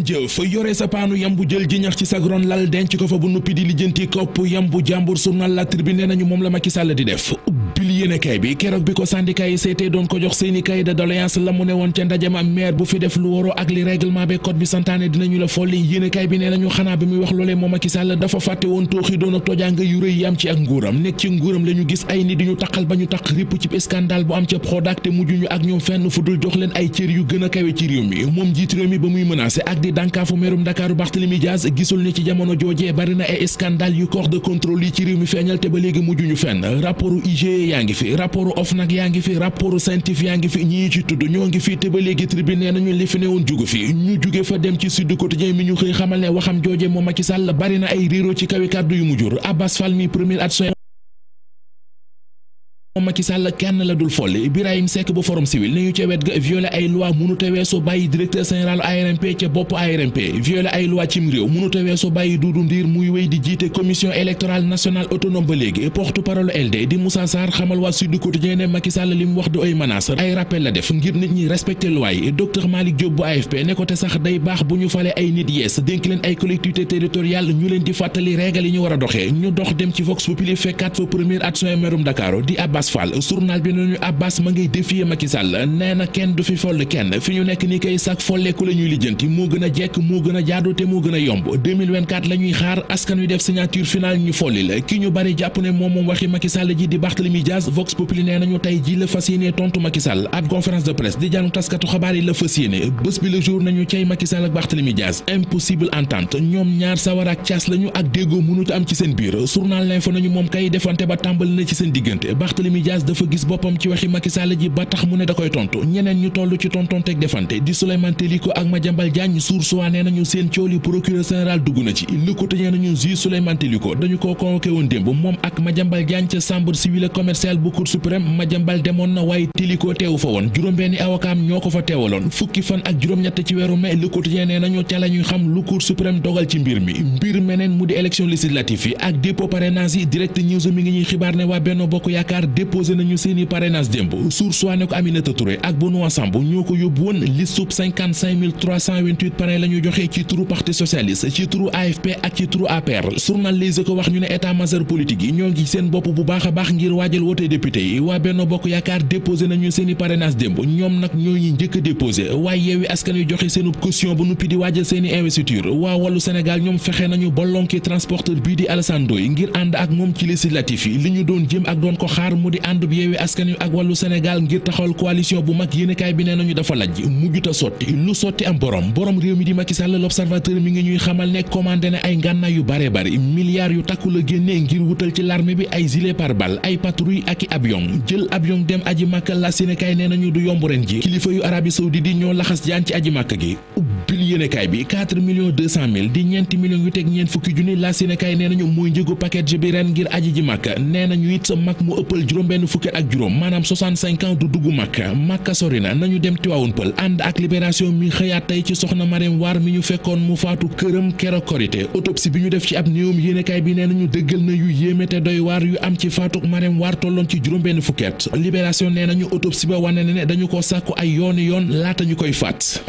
jëf yore sa paanu yam bu jël jëñax ci sagron lal denc ko fa bu nuppi di lijjanti kopp yambu jàmbur journal La bi nee nañu moom la ma Macky Sall di def tribune yéenekaay bi keroog bi ko syndicat yi doon ko jox seeni cahier de doléance ne woon ca ndajama maire bu fi def lu waroo ak li règlement bi code bi santaane dinañu la folli yéenekaay bi ne nañu xanaa bi muy wax loolee moom Macky Sall dafa fàtte woon tooxi doon tojaanga yu rëy yi ci ak nguuram nekk ci nguuram la gis ay nit ñu taqal ba ñu taq ripp ci scandale bu am ca Prodac te mujjuñu ak ñoom fenn fu dul jox leen ay cër yu gën a kawe ci yaa ngi fi rapport OFNAC yaa ngi fi rapport scientifique yaa ngi fi ñii ci tudd ñoo ngi fi te ba léegi tribune nañu li fi newoon jugu fi ñu juge fa dem ci Sud Quotidien mi ñu xëy xamal ne waxam jooje moom Macky Sall bari na ay réero ci kawi yu mu Abbas Fall mi premier adjoint moom Macky Sall kenn la dul folli Birahim Seck bu Forum Civil ni ñu ca wet ga violé ay loi mënuta weesu bàyyi directeur général ARMP ca bopp ARMP violé ay loi cim réew mënuta weesu bàyyi Doudou Ndir muy wéy di jiite commission électorale nationale autonome ba léegi porte-parole LD di Moussa Sarr xamal waa Sud Quotidien ne Macky Sall li wax du ay menace ay rappel la def ngir nit ñi respecté loi yi docteur Malick Diop bu AFP ne te sax day baax bu ñu ay nit yees dénk leen ay collectivité territoriale ñu leen di fàttali régal yi ñu war a ñu dox dem ci Abbas Fall journal bi nañu Abbas ma ngay défier Macky nee na kenn du fi foll kenn fi ñu nekk ni kay sak folleeku la lijjanti moo gën a jekk moo gën a jaadu te moo gën a yomb 2024 xaar askan def signature finale ñu folli la ki ñu bari jàpp ne moom waxi Macky ji di Barthélemy Diaz Vox Populi nee nañu tey ji la fas tontu Macky ab conférence de presse di jaanu taskatu xabaar yi la fas bés bi le jour nañu cay Macky ak Barthélemy Diaz Barthélemy dafa gis boppam ci waxi Macky ji ba tax mu ne da koy tontu ñeneen ñu toll ci tontonteeg defante di Souleymane Teliko ak Madiambal Diagne suur suwaa nañu seen cooli procureur général dugg na ci li ko tëjee nañu ju dañu koo convoqué démb moom ak Madiambal Diagne ca chambre civile commerciale bu cour suprême Madiambal demoon na waaye Teliko teewu fa woon juróom-benni avocat ñoo ko fa teewaloon fukki fan ak juróom-ñett ci weeru déposé nañu seeni parrainage démb source waa ne ko Aminata Touré ak Benoît Sambou ñoo ko yóbbu woon liste sub 55 328 ñu joxe ci turu parti socialiste ci turu AFP ak ci turu APR journal Les Échos wax ñu ne état major politique yi ñoo ngi seen bopp bu baax a baax ngir waajal wote député yi waa Benno Bokk Yaakaar déposé nañu seeni parrainage démb ñoom nag ñoo ñi njëkk a déposé waaye yeewi askan joxe seenub caution bu nuppi di waajal seeni investiture waa ngir ànd ak moom ci di ànd bi yeewi askan wi ak wàllu Sénégal ngir taxawal coalition bu mag yéenekaay bi nee nañu dafa laj mujjuta sotti lu sotti am borom borom réew mi di Macky Sall l'observateur mi ngi ñuy xamal ne commandé na ay ngànnaay yu bare bari milliards yu takku la génnee ngir wutal ci l'armée bi ay gilet pare-balles ay patrouille ak i avion jël avion dem aji màkka la Sénégal nee nañu du yomb ren ji kilifa yu Arabie Saoudite di ñoo laxas jaan ci aji màkk gi ubbil juróom-benn fukki ak juróom maanaam 65 ans du dugg Makka Makka sori na nañu dem Tiwaawun Pël ànd ak libération mi xëyaat tey ci soxna Marème waar mi ñu fekkoon mu faatu këram kero korité autopsie bi ñu def ci ab néewum yéenekaay bi nee nañu dëggal na yu yéeme te doy waar yu am ci faatuk Marème waar tolloon ci juróom-benn fukkeet libération nee nañu autopsie ba wane ne dañu ko sàkku ay yooni yoon laata ñu koy faat